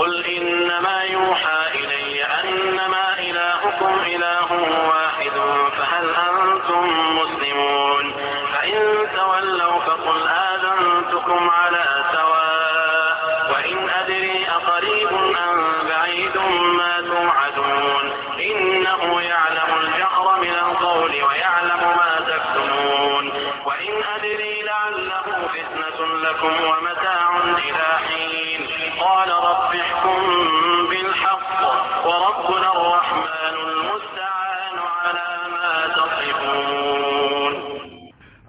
قل إنما يوحى إلي أنما إلهكم إله واحد فهل أنتم مسلمون فإن تولوا فقل آذنتكم على سواء وإن أدري أقريب أم بعيد ما توعدون إنه يعلم الجهر من القول ويعلم ما تكتمون وإن أدري لعله فتنة لكم وما ربكم بالحق وربنا الرحمن المستعان على ما تصفون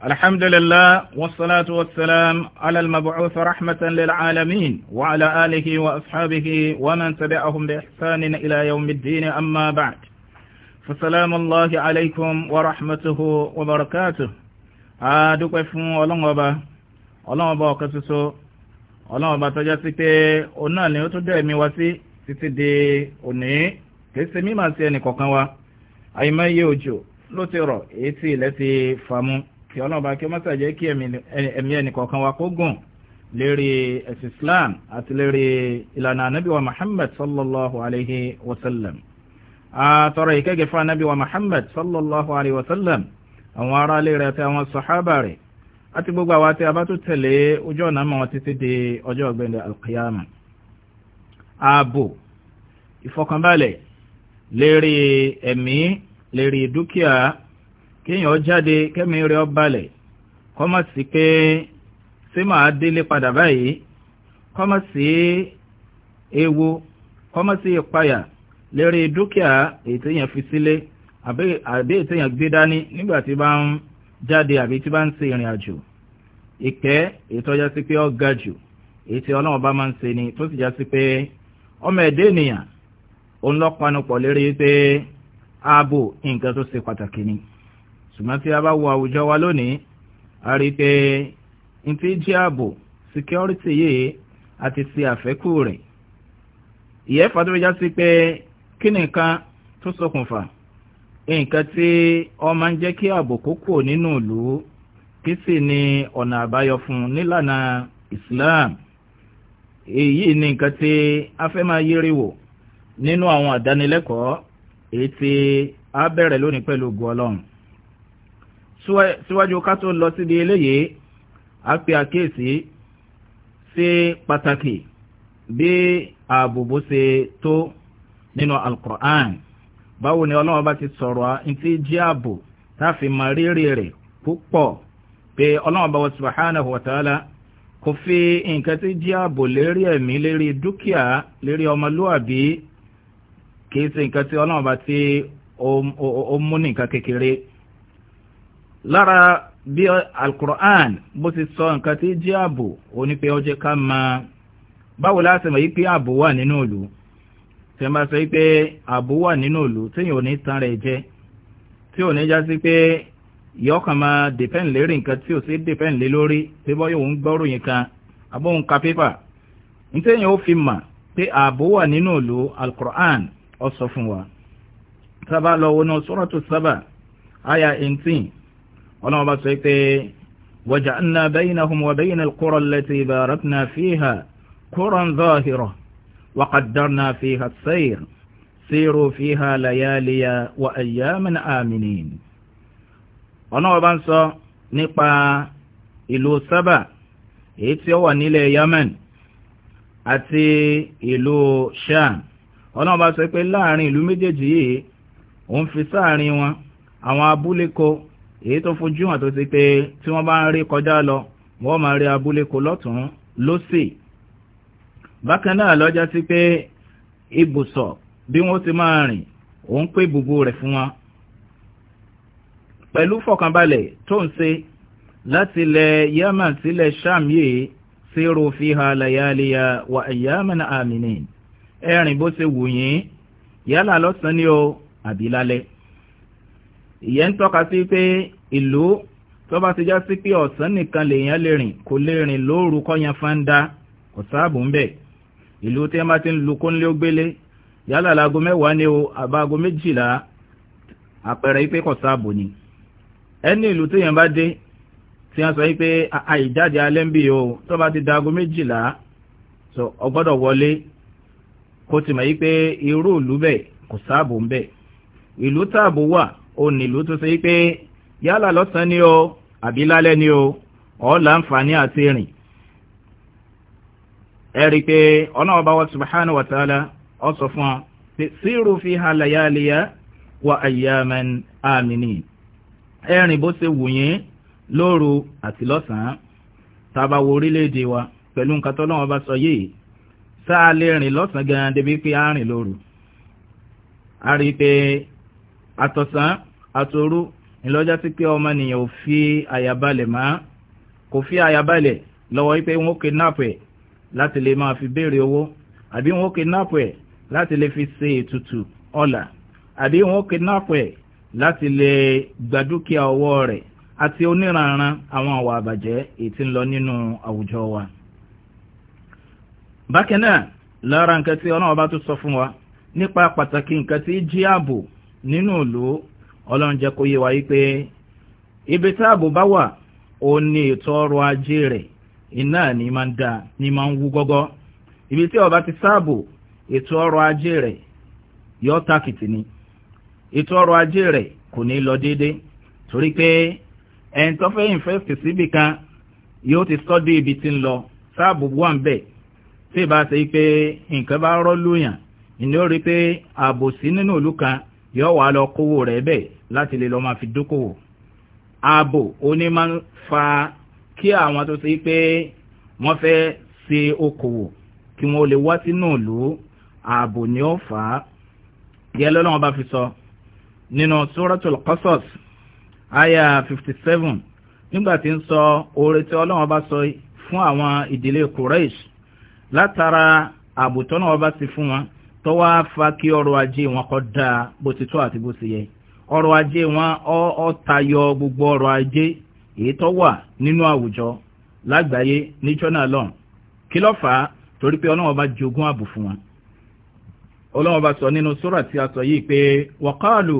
الحمد لله والصلاة والسلام على المبعوث رحمة للعالمين وعلى آله وأصحابه ومن تبعهم بإحسان إلى يوم الدين أما بعد فسلام الله عليكم ورحمته وبركاته أدوك آه، فون ألنغبا ألنغبا كتسو ọlọ́run ọba tọ́já sí pé òun náà ni ó tún dẹ̀mí wa sí títí di òní kìí ṣe mímọ̀ sí ẹnì kọ̀ọ̀kan wa àyèmáyé òjò ló ti rọ̀ èyí tí ilẹ̀ ti fàmú kí ọlọ́run ọba kí ó má ṣàjẹ́ kí ẹ̀mí ẹnì kọ̀ọ̀kan wa kó gùn lérí ẹ̀sìn Islam àti lérí ìlànà ànábì wa Muhammad sallallahu alayhi wa sallam àtọ̀rọ̀ ìkẹ́gẹ́ fún ànábì wa Muhammad sallallahu alayhi wa sallam àwọn aráalé rẹ̀ àti àwọn sàhábà rẹ̀ àti gbogbo àwa tí a bá tó tẹ̀lé ojú ọ̀nà mọ́ títí di ọjọ́ ọ̀gbẹ́ndẹ̀ alqiyama ààbò ìfọkànbalẹ̀ lérí ẹ̀mí lérí dúkìá kéèyàn jáde kẹ́mi rẹ̀ ọ balẹ̀ kọ́mọ̀ sí pé ṣé màá délé padà báyìí kọ́mọ̀ sí ewu kọ́mọ̀ sí ìpayà lérí dúkìá èyí téèyàn fi sílé àbí èyí téèyàn gbé dání nígbà tí bá ń jáde àbí tí bá ń ṣe ìrìn àjò ìkẹ́ ìtọ́já sí pé ó ga jù ètò ọlọ́run bá máa ń ṣe ni tó sì já sí pé ọmọ ẹ̀dẹ́ ènìyàn òun lọ panupọ̀ lérí pé ààbò nǹkan tó ṣe pàtàkì ni ṣùgbọ́n tí a bá wo àwùjọ wa lónìí a rí i pé n ti jẹ́ ààbò security yìí a ti ṣe àfẹ́kù rẹ̀ ìyẹ́fà tó já sí pé kí nìkan tó ṣokùnfà. So nǹkan tí ó ń jẹ́ kí ààbò kókò nínú ìlú kí ni ọ̀nà àbáyọ fún nílànà Islam èyí ni nǹkan tí a fẹ́ máa yírí wò nínú àwọn àdánilẹ́kọ̀ọ́ èyí tí a bẹ̀rẹ̀ lónìí pẹ̀lú ògo Ọlọ́run síwájú ká tó lọ síbi eléyìí a báwo ni ọlọ́run bá ti sọ̀rọ̀ ntí jẹ́ ààbò táfi mọ rírì rẹ̀ púpọ̀ pé ọlọ́run bá wa subhanahu wa ta'ala kò fi nǹkan tí jẹ́ ààbò lérí ẹ̀mí lérí dúkìá lérí ọmọlúwàbí kìí ṣe nǹkan tí ọlọ́run bá ti ó mú nǹkan kékeré lára bí alukur'an bó ti sọ nǹkan tí jẹ́ ààbò ó ní pé ó ká máa báwo láti mọ̀ yí pé ààbò wà nínú ìlú tí wọ́n bá sọ pé ààbò wà nínú ìlú téèyàn ò ní tan rẹ̀ jẹ tí ò ní já sí pé yọkàn máa depend lérí nǹkan tí ò sí depend lé lórí pé bọ́yọ̀ òun gbọ́ròyìn kan abóhun ka pépà ní téèyàn fi mà pé ààbò wà nínú ìlú alukur'an ó fún wa sábà lọ wọnú sọ́rọ́tù sábà àyà 18 ọlọ́run bá sọ pé waja'alna baynahum wa bayna al-qura allati barakna fiha quran zahira. وقدرنا فيها السير سيروا فيها ليالي وأيام آمنين ọ̀nà ọba ń sọ nípa ìlú sábà èyí tí ó wà nílẹ̀ yemen àti ìlú sham ọ̀nà ọba sọ pé láàrin ìlú méjèèjì yìí òun fi sáàrin wọn àwọn abúléko èyí tó fojú hàn tó ti pé tí wọ́n bá ń rí kọjá lọ wọ́n máa rí abúléko lọ́tún lósì bákan náà lọ́jọ́ sí pé ibùsọ̀ bí wọ́n ti máa rìn òun pé gbogbo rẹ̀ fún wọn pẹ̀lú fọ̀kànbalẹ̀ tó ń ṣe láti ilẹ̀ yemen sílẹ̀ sham yìí sírò fi ha layaliya wa ayyaman aminin ẹ̀rìn bó ṣe wù yín yálà lọ́sàn-án ni o àbí lálẹ́ ìyẹn ń tọ́ka sí pé ìlú tó bá ti já sí pé ọ̀sán nìkan lèèyàn lè rìn kò lè rìn lóru kọ́yan fáńdá kò sáàbù ń bẹ́ẹ̀ ìlú tí wọ́n ti ń lu kónlé ó yálà láago mẹ́wàá ni o àbáago méjìlá àpẹẹrẹ yìí pé kò sáàbò ni ẹni ìlú tí yẹn bá dé tí wọ́n sọ yìí pé àìjáde alẹ́ ń bì o tó bá ti da méjìlá so ọgbọ́dọ̀ wọlé kó ti mọ̀ yìí pé irú ìlú bẹ́ẹ̀ kò sáàbò ń bẹ̀ ìlú táàbò wà ó ní ìlú tó sọ yìí pé yálà lọ́sàn-án ni o àbí lálẹ́ ni o ọ̀ láǹfààní àti rìn ẹ̀rí pé ọ̀nà ọba wa subhanahu wa ta'ala ọ sọ fún wa pé síru fi ha layaliya wa ayyaman amini ẹ̀rìn bó ṣe wù yín lóru àti lọ́sàn-án tàbá wo orílẹ̀-èdè wa pẹ̀lú nǹkan tó lọ́wọ́ bá sọ yìí sáà lè rìn lọ́sàn gan débi pé a rìn lóru pé àtọ̀sán àtòru ìlọ́jà sí pé ọmọnìyàn ò fi àyàbalẹ̀ mọ́ kò fi àyàbalẹ̀ lọ́wọ́ wípé wọ́n kidnap láti lè máa fi béèrè owó àbí wọ́n kidnap ẹ̀ láti lè fi ṣe ètùtù ọlà àbí wọ́n kidnap ẹ̀ láti lè gba ọwọ́ rẹ̀ àti oníranran àwọn àwà àbàjẹ́ ètí ń lọ nínú àwùjọ wa. bákan náà lára nǹkan tí ọlọ́run bá tún sọ fún wa nípa pàtàkì nǹkan tí jí ààbò nínú ìlú ọlọ́run jẹ́ kó yé wa yí pé ibi tí ààbò bá wà ó ní ètò ọrọ̀ ajé rẹ̀ iná ní máa ń da ní máa ń wú gọ́gọ́ ibi tí ọba ti sáàbò ètò ọrọ̀ ajé rẹ̀ yọ tákìtì ni ètò ọrọ̀ ajé rẹ̀ kò ní lọ déédéé torí pé ẹni tó fẹ́ ìnfẹ́sì síbi kan yóò ti sọ́dọ̀ ibi tí ń lọ sáàbò wà ń bẹ̀ tí ìbá ṣe pé nǹkan bá rọ́ lóyàn ìní ó rí pé àbòsí nínú ìlú kan yọ wà lọ kówó rẹ̀ bẹ̀ láti lè lọ máa fi dókòwò ààbò ó máa ń fa kí àwọn tó ṣe pé wọ́n fẹ́ ṣe okòwò kí wọ́n lè wá sínú ìlú ààbò ni ó fà á yẹ lọ́nà ọba fi sọ nínú suratul Qasas aya fifty seven nígbà tí ń sọ oore tí ọlọ́run ọba sọ fún àwọn ìdílé Quraysh látara àbùtọ́ náà ọba ti fún wọn tó wá fa kí ọrọ̀ ajé wọn kó dáa bó ti tó àti bó ti yẹ ọrọ̀ ajé wọn ó tayọ gbogbo ọrọ̀ ajé èyí tó wà nínú àwùjọ lágbàáyé ní jọ́nà lọ́n kí ló fà á torí pé ọlọ́wọ́n bá jogún ààbò fún wọn ọlọ́wọ́n bá sọ nínú sura tí a sọ yìí pé wa qalu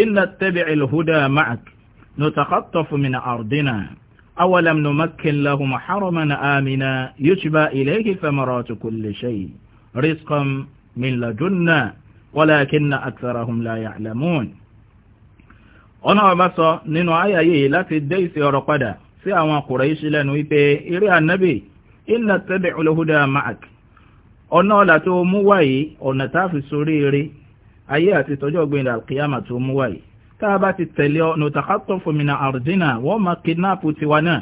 inna tabi'il huda ma'ak nutaqattafu min ardina awalam numakkin lahum haraman amina yushba ilayhi thamaratu kulli shay rizqan min ladunna walakinna aktharahum la ya'lamun ọ̀nà ọba sọ nínú ayaye láti dé ìsẹ ọ̀rọ̀ padà sí àwọn Kùráíṣì lẹ́nu wípé eré ànábì inna tabi'ul huda ma'ak ọ̀nà ọ̀là tó mú wáyé ọ̀nà táàfi sórí eré ayé àti tọ́jú ọ̀gbìn alkiyama tó mú wáyé tá a bá ti tẹ̀lé ọ̀nà taqattafu mina ardina wọ́n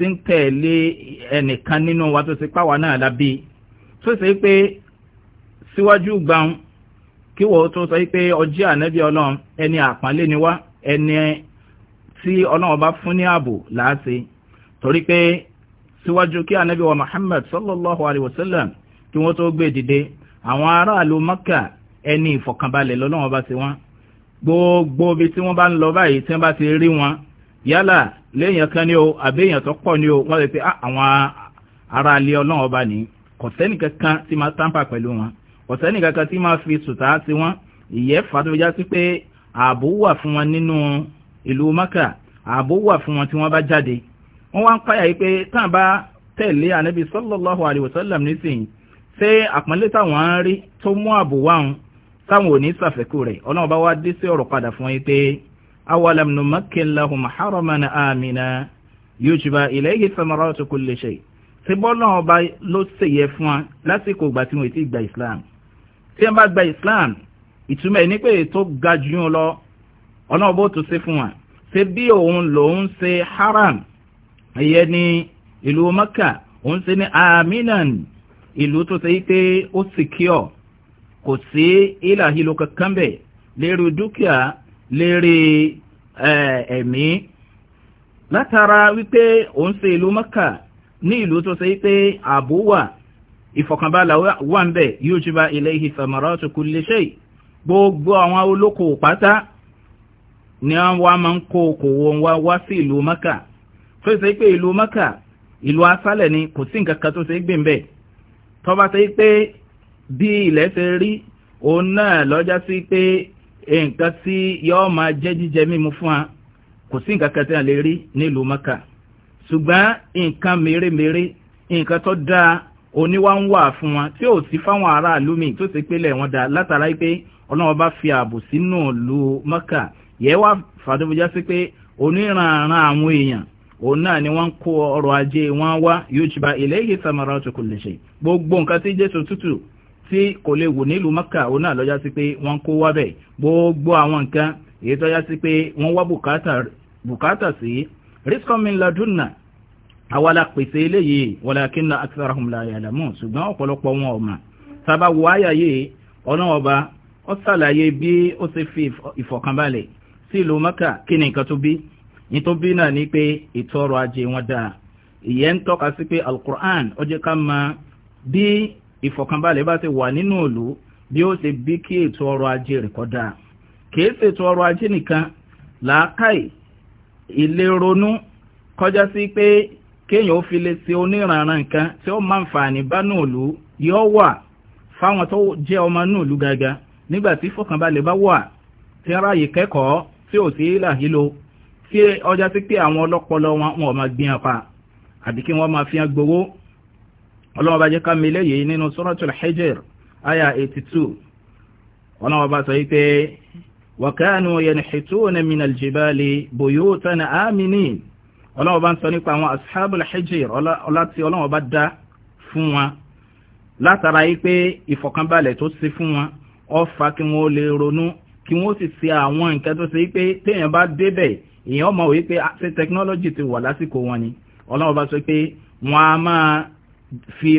ń tẹ̀lé ẹnìkan nínú wa tó ti pàwọ́ náà lábí tó ṣe pé síwájú gbàùn kí wọ́n tó sọ pé ọjọ́ ànábì ọlọ́run ẹni àpánlé ni wá ẹni tí ọlọ́run bá fún ní ààbò láàṣẹ torí pé síwájú kí ànábì wa Muhammad sallallahu alayhi wa sallam kí wọ́n tó gbé dìde àwọn aráàlú Makka ẹni ìfọ̀kànbalẹ̀ lọ́lọ́run bá ṣe wọ́n gbogbo bí tí wọ́n bá ń lọ báyìí tí wọ́n bá ti rí wọn yálà léèyàn kan ni o àbẹ́yàn tó pọ̀ ni o wọ́n lè pe ah, àwọn aráàlú ọlọ́run ọba nìyí kò sẹ́nìkan kan tí máa tampa pẹ̀lú wọn kò sẹ́nìkan kan tí máa fi sùtá sí wọn ìyẹn fàtọ́jà sí pé ààbò wà fún wọn nínú ìlú maka ààbò wà fún wọn tí wọ́n bá jáde wọ́n wá ń páyà yìí pé tán bá tẹ̀lé ànábì sallallahu alaihi wasallam nísìnyí ṣé àpọ́nlé táwọn ń rí tó mú ààbò wáhùn táwọn ò ní sàfẹ́kù rẹ̀ ọlọ́run bá wá dé sí ṣé bọ́lá ọba ló ṣèyẹ fún wa lásìkò ìgbà tí wọ́n ti gba islam tí wọ́n bá gba islam ìtumọ̀ ẹ̀ ní pé tó ga jù ú lọ ọlọ́run bó tó ṣe fún wa ṣé bí òun lòun ṣe haram ẹ̀yẹ ní ìlú maka òun ṣe ní aminan ìlú tó ṣe pé ó secure kò sí ìlàhílo kankan bẹ̀ lérí dúkìá lérí ẹ̀mí látara wípé òun ṣe ìlú maka ní ìlú tó ṣe pé ààbò wà ìfọ̀kànbalẹ̀ wà ń bẹ̀ yóò ṣe bá ìfẹ̀mọ̀rọ̀ tó kú léṣẹ́ gbogbo àwọn olóko pátá ni wọ́n wá máa ń kó okòwò wọn wá sí ìlú maka tó ṣe pé ìlú maka ìlú asálẹ̀ ni kò sí nǹkan kan tó ṣe gbé ń bẹ̀ tó bá ṣe pé bí ilẹ̀ ṣe rí òun náà lọ́jà sí pé nǹkan tí yọ́ máa jẹ́ jíjẹ mímu fún wa kò sí nǹkan kan tí a lè rí nílùú maka ṣùgbọ́n nǹkan mèremère nǹkan tó dáa oníwá ń wà fún wọn tí ò sí fáwọn aráàlú mi tó ṣe pélẹ̀ wọn dáa látara pé ọlọ́wọ́n bá fi ààbò sínú ìlú mọ́kà yẹ́ wá fàdúbọjá sí pé oníranran àwọn èèyàn òun náà ni wọ́n kó ọrọ̀ ajé wọn wá yóò ṣùgbọ́n ilé yìí samara tó kò lè ṣe gbogbo nǹkan tí jésù tútù tí kò lè wù nílùú mọ́kà òun náà lọ́jà sí pé wọ́n kó wá bẹ̀ gbogbo àwọn nǹkan èyí tọ́já sí pé wọ́n wá bùkátà sí rizqan min ladunna àwa la pèsè eléyìí walakinna aktharahum la ya'lamun ṣùgbọ́n ọ̀pọ̀lọpọ̀ wọn ò mọ̀ wọ àyà yìí ọba ó ṣàlàyé bí ó ṣe fi ìfọ̀kànbalẹ̀ sí ìlú mẹ́kà kí ni nǹkan tó bí ní tó bí náà ni pé ètò ọrọ̀ ajé wọn dáa ìyẹn ń tọ́ka sí pé alukur'an ó jẹ́ ká mọ̀ bí ìfọ̀kànbalẹ̀ bá ti wà nínú ìlú bí ó bí ilé ronú kọjá sí pé kéèyàn ó fi lè ṣe oníranran nǹkan tí ó máa ń fa àníbánú òlu yóò wà fáwọn tó jẹ́ ọmọ inú òlu gàgà nígbà tí fọkànbalẹ̀ bá wà tí ráàyè kẹ́kọ̀ọ́ tí ò sí làhílo tí ọjà sí pé àwọn ọlọ́pọlọ wọn wọn máa gbin apá àbí kí wọ́n máa fi hàn gbowó ọlọ́wọ́ bá jẹ́ ká mi léyìí nínú suratul Hijr aya 82 ọlọ́wọ́ bá sọ yìí pé وكانوا ينحتون من الجبال بيوتا آمنين ọlọ́wọ́ bá ń sọ nípa àwọn ashabul hijir láti ọlọ́wọ́ bá dá fún wọn látara yí pé ìfọ̀kànbalẹ̀ tó sí fún wọn ó fà kí wọ́n lè ronú kí wọ́n sì ṣe àwọn nǹkan tó ṣe pé téèyàn bá débẹ̀ èèyàn mọ̀ wípé ah, ṣe tẹkinọ́lọ́jì ti wà lásìkò wọn ni ọlọ́wọ́ sọ pé wọ́n á máa fi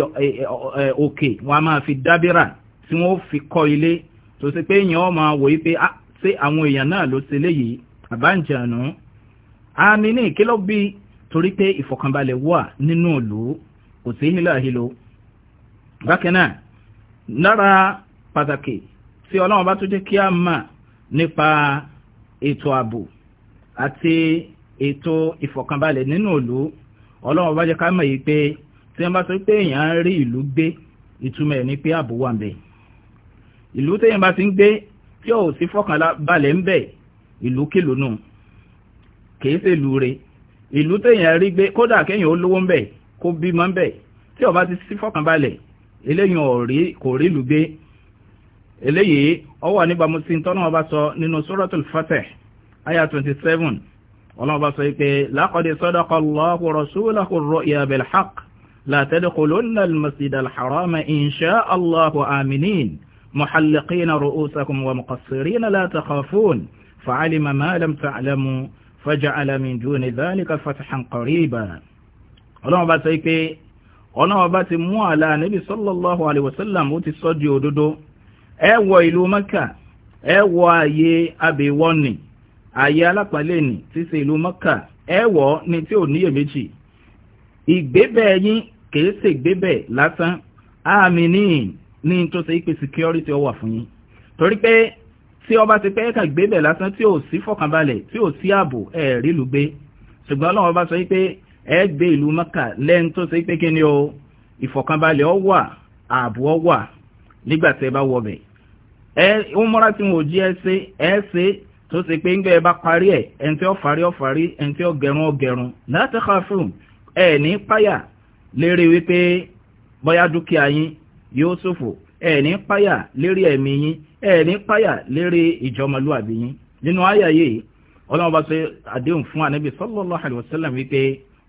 òkè wọ́n á máa fi dábìrà tí wọ́n fi kọ́ ilé tó ṣe pé èèyàn mọ̀ wòye pé ṣé àwọn èèyàn náà ló ṣe léyìí àbáǹjẹ̀ àná àmì ní ìkílọ̀ bí torí pé ìfọ̀kànbalẹ̀ wà nínú ìlú kò sí nílò àhílò bákan náà lára pàtàkì tí ọlọ́run bá tó jẹ́ kí a mọ̀ nípa ètò ààbò àti ètò ìfọ̀kànbalẹ̀ nínú ìlú ọlọ́run bá jẹ́ ká mọ̀ yìí pé tí wọ́n bá sọ pé èèyàn ń rí ìlú gbé ìtumọ̀ ẹ̀ ní pé ààbò wà ń bẹ̀ ìlú téèyàn bá ti ń gbé tí ò sí fọkànlá balẹ̀ ń bẹ̀ ìlú kìlú nù kìí ṣe ìlú re ìlú téèyàn rí gbé kódà kéèyàn ó lówó ń bẹ̀ kó bímọ ń bẹ̀ tí ó bá ti sí fọkànbalẹ̀ eléyìí ọ̀rí kò rí ìlú gbé eléyìí ó wà sí tọ́nà ọba sọ nínú suratul fatih aya 27 ọlọ́run bá sọ pé laqad sadaqa Allahu rasulahu ar-ru'ya bil haqq la tadkhulunna al-masjida al-harama in sha'a محلقين رؤوسكم ومقصرين لا تخافون فعلم ما لم تعلموا فجعل من دون ذلك فتحا قريبا ọlọ́wọ́ bá sọ pé ọlọ́wọ́ bá ti mú àlà níbi sallallahu alaihi wasallam ó ti sọ di òdodo ẹ wọ ìlú mẹ́kà ẹ wọ ààyè abèwọ́nì ààyè alápàlẹ́nì tí ṣe ìlú mẹ́kà ẹ wọ ní tí ò níyèméjì ìgbébẹ̀ yín kìí ṣègbébẹ̀ lásán àmì níyìn ní tó ṣe ìpè security ó wà fún yín torí pé tí ọba ti pẹ́ kà gbébẹ̀ lásán tí ò sí fọkànbalẹ̀ tí ò sí ààbò ẹ̀ rílu gbé ṣùgbọ́n ọlọ́run ọba sọ pé ẹ gbé ìlú mọ́kà lẹ́nu tó ṣe pé kí ni o ìfọkànbalẹ̀ ó wà ààbò ó wà nígbà tí ẹ bá wọ bẹ̀ ẹ ń múra tí wọn ò jí ẹ ṣe ẹ ṣe tó ṣe pé ńgbẹ́ ẹ bá parí ẹ̀ ẹni tí ó farí ó farí ẹni tí ó gẹrun ó gẹrun láti ká fún ẹ ní páyà lérè wípé bóyá dúkìá yín Yúsúfù ẹ̀ẹ̀ní páyà lérí ẹ̀mí yín ẹ̀ẹ̀ní páyà lérí ìjọmọlúwàbí yín nínú àyà yìí ọlọ́run bá ṣe àdéhùn fún ànábì sallallahu alaihi wasallam wípé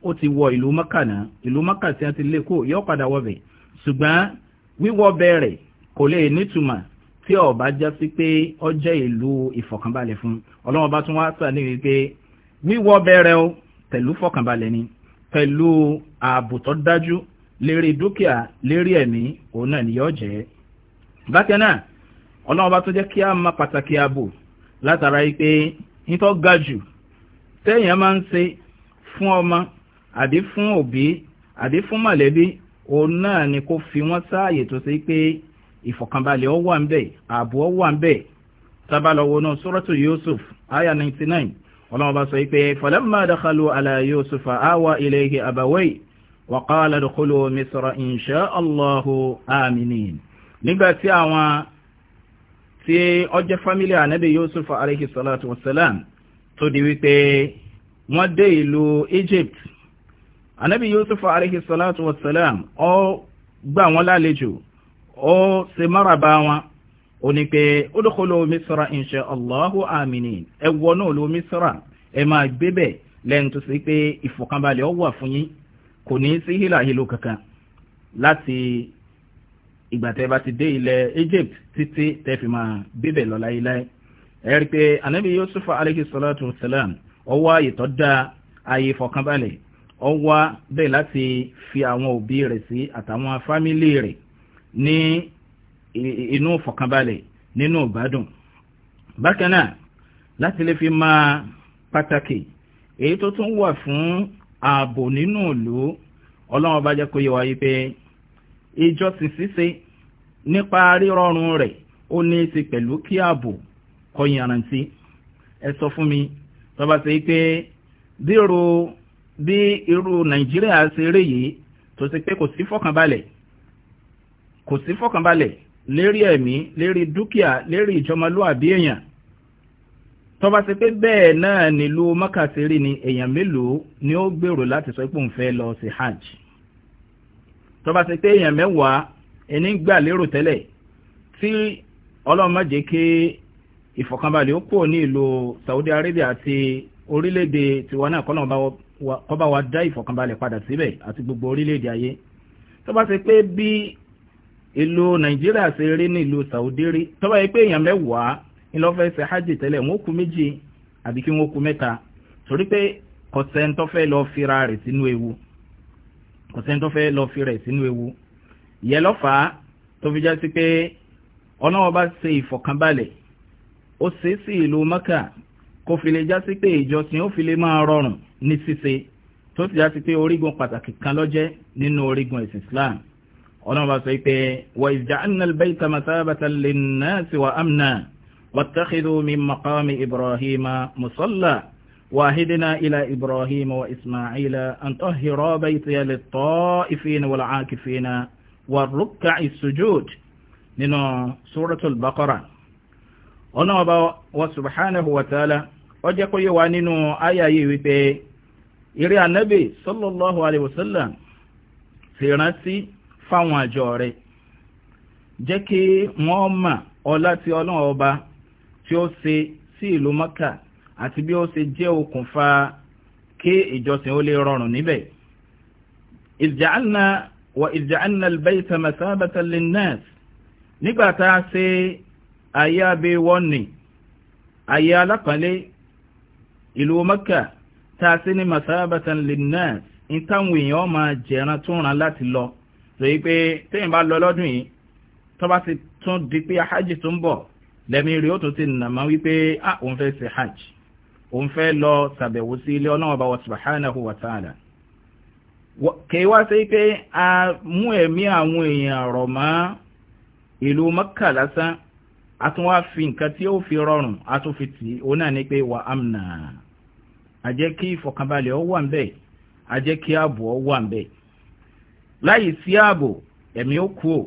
ó ti wọ ìlú Mákà náà ìlú Mákà tí a ti lé kó yọ padà wọbẹ̀ ṣùgbọ́n wíwọ bẹ̀rẹ̀ kò lè nítumọ̀ tí ó bá já sí pé ó jẹ́ ìlú ìfọ̀kànbalẹ̀ fún ọlọ́run bá tún wá sàní wípé wíwọ bẹ̀rẹ̀ o pẹ̀lú fọ̀kànbalẹ̀ ni pẹ̀lú ààbò tó dájú lérí dúkìá lérí ẹ̀mí òun náà ni yóò jẹ́ bákan náà ọlọ́run bá tún jẹ́ kí a máa pàtàkì ààbò látara yìí pé nítọ́ ga jù téèyàn máa ń ṣe fún ọmọ àbí fún òbí àbí fún mọ̀lẹ́bí òun náà ni kó fi wọ́n sáàyè tó ṣe pé ìfọ̀kànbalẹ̀ ó wà ń bẹ̀ ààbò ó wà ń bẹ̀ tábàlọ́wọ́ náà suratu Yusuf aya 99 ọlọ́run bá sọ pé falamma dakhalu ala Yusufa awa ilayhi abawayhi وقال ادخلوا مصر إن شاء الله آمنين nígbà tí àwọn tí ó jẹ́ fámílì ànábì Yusuf alayhi salatu wassalam tó di wípé wọ́n dé ìlú Egypt ànábì Yusuf alayhi salatu wassalam ó gbà wọ́n lálejò ó ṣe máraba wọn ó ní pé udkhulu Misra in sha Allahu aminin ẹ wọnú ìlú Misra ẹ máa gbébẹ̀ lẹ́yìn tó sì pé ìfọ̀kànbalẹ̀ ó wà fún yín kò ní sí hílàhílò kankan láti ìgbà tẹ́ bá ti dé ilẹ̀ Egypt títí tẹ́ fi máa bíbẹ̀ lọ láíláí ẹ rí pé anabi Yusuf alayhi wa salam ọwọ́ ààyè tó dáa ààyè ìfọkànbalẹ̀ ọwọ́ bẹ́ẹ̀ láti fi àwọn òbí rẹ̀ sí àtàwọn fámìlì rẹ̀ ní inú ìfọkànbalẹ̀ nínú ìbádùn bákan náà láti lè fi máa pàtàkì èyí tó tún wà fún ààbò nínú ìlú ọlọ́run bá jẹ́ kó yẹ wá yí pé ìjọsìn ṣíṣe nípa rírọ̀rùn rẹ̀ ó ní í ṣe pẹ̀lú kí ààbò kó yanrantí ẹ sọ fún mi tó bá ṣe pé bí irú bí irú nàìjíríà ṣe rí yìí tó ṣe pé kò sí fọkànbalẹ̀ kò sí fọkànbalẹ̀ lérí ẹ̀mí lérí dúkìá lérí ìjọmọlúàbí èèyàn tó bá ṣe pé bẹ́ẹ̀ náà nílùú mọ́kàsírí ni èèyàn mélòó ni ó gbèrò láti sọ pé òun fẹ́ lọ sí hajj tó bá ṣe pé èèyàn mẹ́wàá ẹni gbà lérò tẹ́lẹ̀ tí ọlọ́run má jẹ́ kí ìfọ̀kànbalẹ̀ ó pọ̀ ní ìlú Saudi Arabia àti orílẹ̀-èdè tiwa náà kọ́nà kó bá wa dá ìfọ̀kànbalẹ̀ padà síbẹ̀ àti gbogbo orílẹ̀-èdè ayé tó bá ṣe pé bí ìlú Nàìjíríà ṣe rí ní ìlú Saudi rí tó bá yẹ pé èèyàn mẹ́wàá ńlọ́fẹ́ ṣe hajj tẹ́lẹ̀ wọ́n kú méje àbí kí wọ́n kú mẹ́ta torí pé kọ̀sẹ́ńtọ́fẹ́ lọ fira rẹ̀ sínú ewu kọ̀sẹ́ńtọ́fẹ́ lọ fira rẹ̀ sínú ewu ìyẹn lọ́fà tó fi já sí pé ọlọ́wọ́ bá ṣe ìfọ̀kànbalẹ̀ ó ṣe sí ìlú mọ́kà kó fi lè já sí pé ìjọsìn ó fi lè máa rọrùn ní ṣíṣe tó ti já sí pé orígun pàtàkì kan lọ́jẹ́ nínú orígun ẹ̀sìn Islam ọlọ́wọ́ bá sọ pé wà ìjà annal واتخذوا من مقام إبراهيم مصلى واهدنا إلى إبراهيم وإسماعيل أن طهرا بيتي للطائفين والعاكفين والركع السجود من سورة البقرة ونوبا وسبحانه وتعالى وجاكو يوانينو آية يويبي إري النبي صلى الله عليه وسلم في رأسي فانواجوري جاكي موما ọlá tí ọlọ́run ọba tí ó ṣe sí ìlú mọ́kà àti bí ó ṣe jẹ́ okùnfà kí ìjọsìn ó lè rọrùn níbẹ̀. ìjàánà wa ìjàánà albayta masabatan linnas nígbà tá a ṣe ayé abẹ́ wọ́nì ayé alápàlẹ́ ìlú mọ́kà tá a ṣe ní masabatan linnas ní èèyàn máa jẹran tó ràn láti lọ torí pé téèyàn bá lọ lọ́dún yìí tó bá ti tún di pé hajj tó ń bọ̀ lẹ́mí rí ó tún ti nàmá wípé à ah, òun fẹ́ ṣe hajj òun fẹ́ lọ ṣàbẹ̀wò sí ilé ọlọ́wọ́ba wa subhanahu wa ta'ala kì í wá sí pé a mú ẹ̀mí àwọn èèyàn rọ̀ mọ́ ìlú Mẹ́kà lásán a tún wá fi nǹkan tí ó fi rọrùn a tún fi tì ó náà ní pé wà amna a jẹ́ kí ìfọ̀kànbalẹ̀ ó wà ń bẹ̀ a jẹ́ kí ààbò ó wà ń bẹ̀ láì sí ààbò ẹ̀mí ó kú ò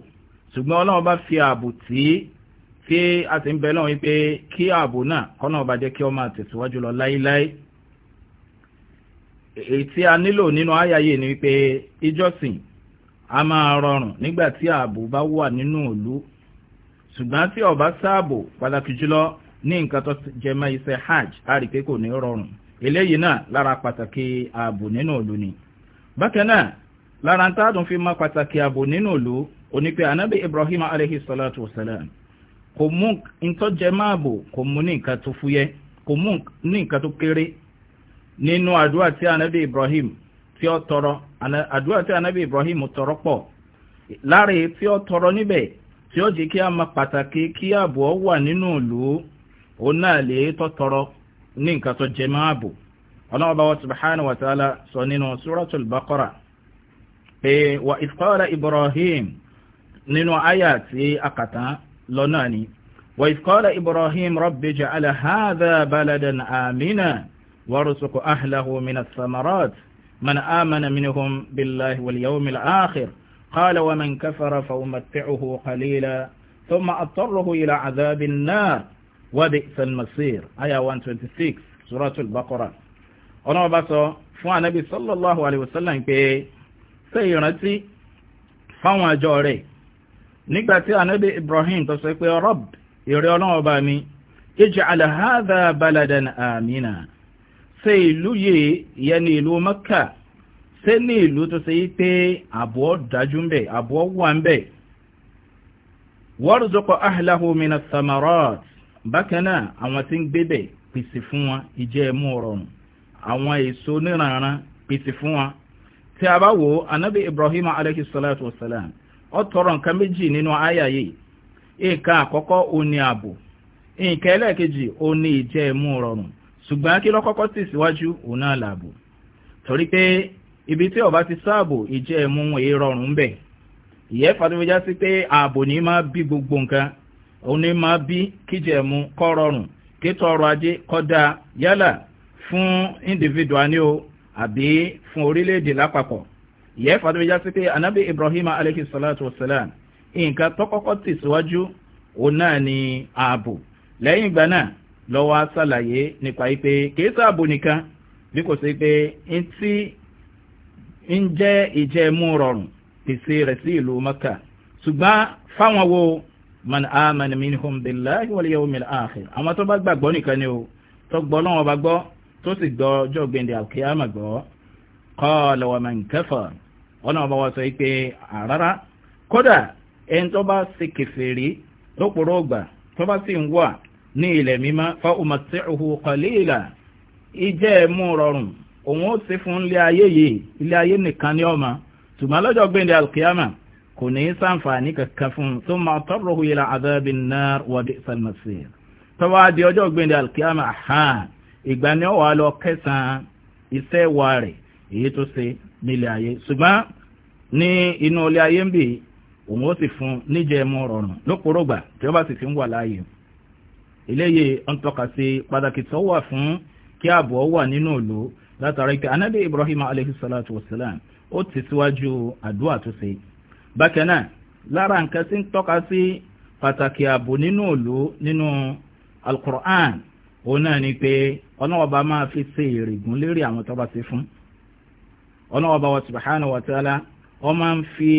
ṣùgbọ́n ọlọ́wọ́ bá fi ààbò tì í tí a ti ń bẹ lọ́wọ́ wípé kí ààbò náà kọ́nà ọba jẹ́ kí ọ máa tẹ̀síwájú lọ láíláí èyí tí a nílò nínú ayáyé ni wípé ìjọsìn a máa rọrùn nígbà tí ààbò bá wà nínú ìlú ṣùgbọ́n tí ọba sáàbò pàtàkì jùlọ ní hajj a rí pé kò ní rọrùn eléyìí náà lára pàtàkì ààbò ni bákan náà lára ń tádùn fi pàtàkì ààbò Ibrahim alayhi salatu kò mú ìtọ́jẹ máa bò kò mú ní nǹkan tó fúyẹ́ kò mú ní nǹkan tó kéré nínú àdúrà tí anábì Ibrahim tí ó tọrọ àdúrà tí anábì Ibrahim tọrọ pọ̀ láre tí ó tọrọ níbẹ̀ tí ó jẹ́ kí a máa pàtàkì kí ààbò wà nínú ìlú òun náà lè tọ́ tọrọ ní nǹkan tó jẹ máa bò ọlọ́run bá wa subhanahu wa ta'ala sọ nínú suratul Baqara pé wa idh Ibrahim nínú àyà tí a kàtàn لناني وإذ قال إبراهيم رب جعل هذا بلدا آمنا وارزق أهله من الثمرات من آمن منهم بالله واليوم الآخر قال ومن كفر فأمتعه قليلا ثم أضطره إلى عذاب النار وبئس المصير آية 126 سورة البقرة أنا بصو فوان نبي صلى الله عليه وسلم كي سيونتي فوان جوري nígbàtí ànábì Ibrahim tó sọ pé Rabb ìrẹ́ ọlọ́run ọba mi ij'al hadha baladan amina ṣe ìlú yìí yẹn ní ìlú Mẹ́kà ṣe ní ìlú tó ṣe yí pé àbọ̀ dájú ń bẹ̀ àbọ̀ wà ń bẹ̀ warzuq ahlahu mina thamarat bákan náà àwọn tí ń gbébẹ̀ pèsè fún wọn ìjẹ́ ẹ̀mú rọrùn àwọn èso níranran pèsè fún wọn tí a bá wo ànábì Ibrahim alayhi salatu wa salam ó tọrọ nǹkan méjì nínú àyà yìí nǹkan àkọ́kọ́ òun ni ààbò nǹkan ẹlẹ́ẹ̀kejì òun ni ìjẹ́ ẹ̀mú rọrùn ṣùgbọ́n kí lọ́kọ́kọ́ tì síwájú òun náà làbò torí pé ibi tí ọba ti sáàbò ìjẹ́ ẹ̀mú èé rọrùn ń bẹ̀ ìyẹ́ fàtúnfẹ́já sí pé ààbò ní máa bí gbogbo nǹkan òun máa bí kíjẹ́ ẹ̀mú kó rọrùn kétọ́ ọrọ̀ ajé kó dáa yálà fún individual ni o àbí fún orílẹ̀-èdè lápapọ̀ ìyẹ́ ìfàdúmí já sí pé anábì ibrahim alayhi salatu wasalam nǹkan tọ́kọ́kọ́ tẹ̀síwájú òun náà ni ààbò lẹ́yìn ìgbà náà lọ́wọ́ sàlàyé nípa ipe kéésà ààbò nìkan bí kò sí pé tí ń jẹ́ ìjẹ́ mú rọrùn pèsè rẹ̀ sí ìlú maka ṣùgbọ́n fáwọn wo man amana minhum billahi wal yawmil akhir àwọn tó bá gbàgbọ́ nìkan ni o tó gbọ́ lọ́wọ́ bá gbọ́ tó sì gbọ́ ọjọ́ gbẹ̀ndẹ̀ àkíyàmà gbọ́ qala wa man kafara ọlọ́run bá wá sọ pé àrárá kódà ẹni tó bá ṣe kèfèrí lóporó ọgbà tó bá sì ń wà ní ilẹ̀ mímọ́ fa umati'uhu qalila ìjẹ́ ẹ̀mú rọrùn òun ó ṣe fún ilé ayé yìí ilé ayé nìkan ní ọmọ ṣùgbọ́n lọ́jọ́ gbẹ̀ndẹ̀ alkiyama kò ní í sàǹfààní kankan fún tó máa tọ́rọ̀hu ila adhabin nar wa bi'sal masir tó bá di ọjọ́ gbẹ̀ndẹ̀ alkiyama ìgbà ni ó wà lọ kẹsàn-án iṣẹ́ wa rẹ̀ èyí tó ṣe nílé ayé ṣùgbọ́n ní inú ilé ayé ń bì òun ó sì fún níjẹ mú rọrùn lóporógbà tí ó bá sì fi ń wà láàyè eléyìí ń tọ́ka sí pàtàkì tó wà fún kí ààbò wà nínú ìlú látara ike anábì ibrahim alayhi salatu wasalam ó ti síwájú àdúrà tó ṣe bákan náà lára nǹkan tí ń tọ́ka sí pàtàkì ààbò nínú ìlú nínú alukur'an òun náà ni pé ọlọ́wọ́ bá máa fi ṣe ìrìgùn lérí àwọn tó bá ṣe fún ọlọ́wọ́ba wa subhanahu wa ta'ala ọ máa ń fi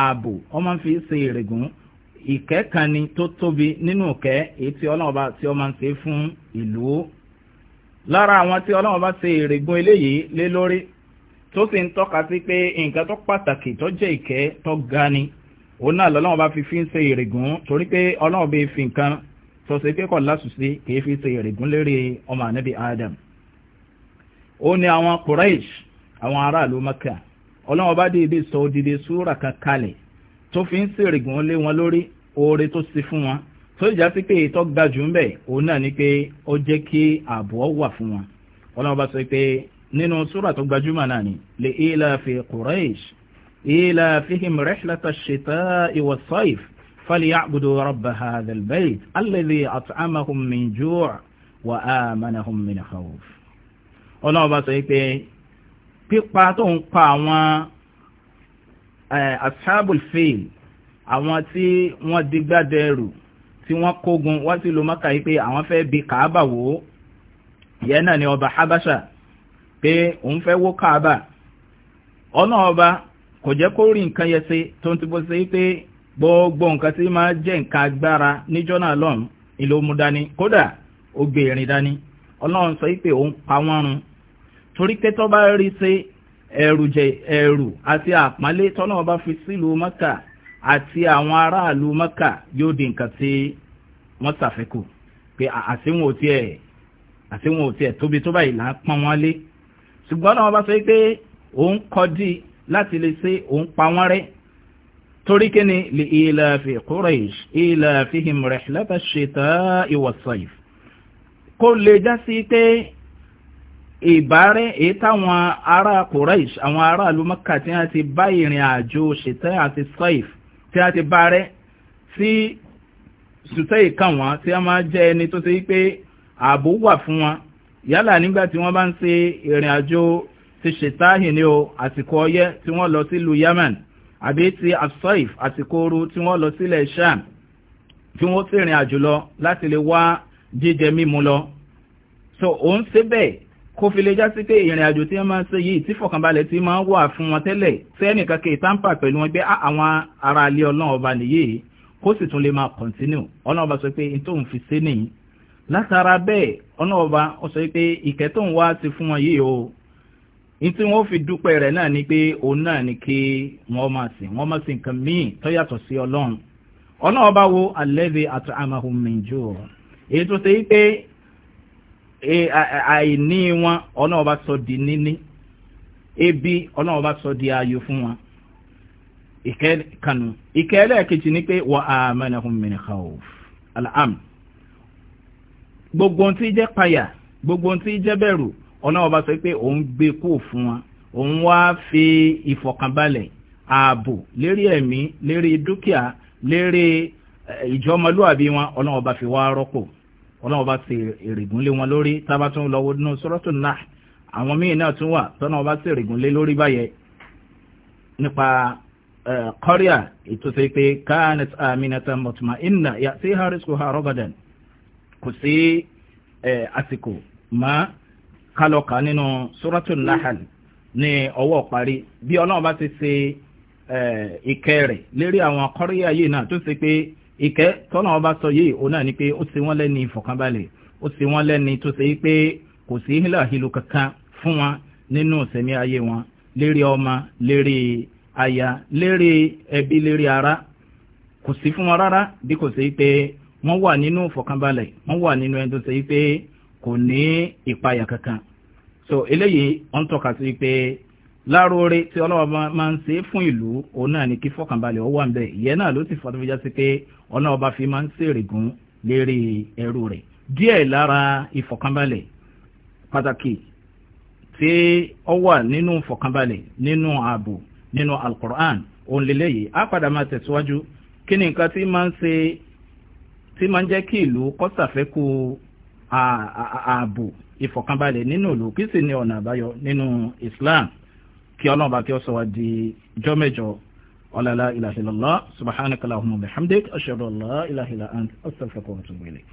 ààbò ọ máa ń fi ṣe ìrègùn ìkẹ́ kan ni tó tóbi nínú ìkẹ́ èyí tí ọlọ́wọ́ba tí ọ máa ń ṣe fún ìlú lára àwọn tí ọlọ́wọ́ba ṣe ìrègùn eléyìí lé lórí tó sì ń tọ́ka sí pé nǹkan tó pàtàkì tó jẹ́ ìkẹ́ tó ga ni òun náà lọ́lọ́wọ́ba fi fi ń ṣe ìrègùn torí pé ọlọ́wọ́ba fi nǹkan tó ṣe pé kọ̀ lásùsí kì í fi ṣe ìrègùn lérí ọmọ ànábì Adam ó ní àwọn Quraysh àwọn aráàlú mẹ́kà ọlọ́wọ́n bá dìde sọ odidi súrà kan kalẹ̀ tó fi ń sèrègùn lé wọn lórí oore tó ṣe fún wọn tó ìjà sí pé ìtọ́ ga jù ń bẹ̀ òun náà ni pé ó jẹ́ kí ààbò wà fún wọn ọlọ́wọ́n bá sọ pé nínú súrà tó gbajúmọ̀ náà ni lè ilà fi Quraysh ilà fihim rihlata shita'i wa sayf فليعبدوا رب هذا البيت الذي أطعمهم من جوع وآمنهم من خوف ọlọ́wọ́ bá sọ pé pípa tó ń pa àwọn ashabul fil àwọn tí wọ́n digbádẹrù tí wọ́n kógun wọ́n sì mọ́kà yìí pé àwọn fẹ́ bi kàábà wò ó ìyẹn náà ni ọba habasha pé òun fẹ́ wó kàábà ọ̀nà ọba kò jẹ́ kó rí nǹkan yẹn tó ń ti bó pé gbogbo nǹkan tí máa jẹ́ nǹkan agbára níjọ́ náà ìlú dání kódà ó gbé dání ọlọ́run sọ pé pa wọ́n torí pé tó bá rí sí ẹ̀rù jẹ ẹ̀rù àti àpọ́nlé tọ́lọ́wọ́ bá fi sílùú mọ́kà àti àwọn aráàlú mọ́kà yóò di nǹkan tí wọ́n ṣàfikù pé àṣìwọ̀n ò tiẹ̀ àṣìwọ̀n ò tiẹ̀ tóbi tó báyìí là ń pọ́n wọn lé ṣùgbọ́n náà wọ́n bá sọ pé òun kọjú láti lè ṣe òun pa wọ́n rẹ́ torí kí ni lè ilẹ̀ fi Quraysh ilẹ̀ fihim rihlata ash-shita'i was-sayf kó lè já sí pé ìbárẹ́ èyí táwọn ará Quraish àwọn ará alúmọ́kà tí a ti bá ìrìn àjò ṣètẹ́ àti saif tí a ti bárẹ́ tí ṣùtẹ́ ìkàn wọn tí a máa jẹ́ ẹni tó ṣe pé ààbò wà fún wọn yálà nígbà tí wọ́n bá ń ṣe ìrìn àjò ti ṣètáhì ní o àsìkò ọyẹ́ tí wọ́n lọ sílùú Yemen àbí ti asaif àsìkò ooru tí wọ́n lọ sílẹ̀ Sham tí wọ́n sì rìn àjò lọ láti lè wá jíjẹ mímu lọ so òun ṣe kó fi lè já sí pé ìrìn àjò tí wọ́n máa ń ṣe yìí tí fọ̀kànbalẹ̀ tí máa ń wà fún wọn tẹ́lẹ̀ sẹ́ẹ̀nì kankan ìtàǹpà pẹ̀lú wọn gbé ah, àwọn ará ilé ọlọ́run ọba nìyí kó sì tún lè máa kọ̀ntínú ọlọ́run ọba sọ pé n tóun fi ṣe nìyí látara bẹ́ẹ̀ ọlọ́run ọba ó sọ pé ìkẹ́ tóun wá ti fún wọn yìí o n tí wọ́n fi dúpẹ́ rẹ̀ náà ni pé òun náà ni kí wọ́n àìní wọn ọ̀nà ọba sọ di níní ebi ọ̀nà ọba sọ di ayọ̀ fún wọn ìkẹ́ kanu ìkẹ́ ẹlẹ́ẹ̀kejì ni pé wọ́n amanahum min khawf al'am gbogbo ohun tí jẹ́ payà gbogbo ohun tí jẹ́ bẹ̀rù ọ̀nà ọba sọ pé òun gbé kó fún wọn òun wá fi ìfọ̀kànbalẹ̀ ààbò lérí ẹ̀mí lérí dúkìá lérí ìjọmọlúwàbí wọn ọ̀nà fi wá rọ́pò ọlọ́run bá ṣe èrègùn lé wọn lórí tábà tún lọ́wọ́ nínú sọ́rọ́tò náà àwọn míì náà tún wà tọ́nà bá ṣe èrègùn lé lórí báyẹn nípa kọ́ríà ètò ṣe pé káànet aminata mọ̀tùmá ìnà yàtí harisco ha rọ́gàdàn kò sí àsìkò mọ́ kálọ̀kà nínú sọ́rọ́tò náà ní ọwọ́ parí bí ọlọ́run bá ti ṣe ìkẹrẹ̀ lérí àwọn kọ́ríà yìí náà tó ṣe pé ike tọ́nà ọba sọ yìí òun náà ni pé ó ti wọ́n lẹ́ni ìfọ̀kànbalẹ̀ ó ti wọ́n lẹ́ni tó ṣe pé kò sí hílàhílo kankan fún wọn nínú ìsẹ̀mí ayé wọn lérí ọmọ lérí aya lérí ẹbí lérí ara kò sí fún wọn rárá bí kò ṣe pé wọ́n wà nínú ìfọ̀kànbalẹ̀ wọ́n wà nínú ẹni tó ṣe pé kò ní ìpayà kankan so eléyìí wọ́n tọ́ka sí pé láróore tí ọlọ́wọ́ máa ń ṣe fún ìlú òun náà ni kí fọkànbalẹ̀ ó wà ń bẹ̀ ìyẹn náà ló sì fọ́ tó fi já sí pé ọ̀nà ọba fi máa ń ṣèrègùn lérí ẹrú rẹ̀ díẹ̀ lára ìfọkànbalẹ̀ pàtàkì tí ó wà nínú ìfọkànbalẹ̀ nínú ààbò nínú alukur'an òun lélẹ̀ yìí á padà máa tẹ̀síwájú kí ni nǹkan tí máa ń ṣe jẹ́ kí ìlú kó ṣàfẹ́kù ààbò ìfọkànbalẹ̀ nínú ìlú kí sì ni ọ̀nà àbáyọ nínú Islam kí ọlọ́run bá kí ó sọ wá di jọ́ mẹ́jọ ọ̀làlá ilaha illallah subhanaka allahumma bihamdik ashhadu an la ilaha illa ant astaghfiruka wa atubu ilayk.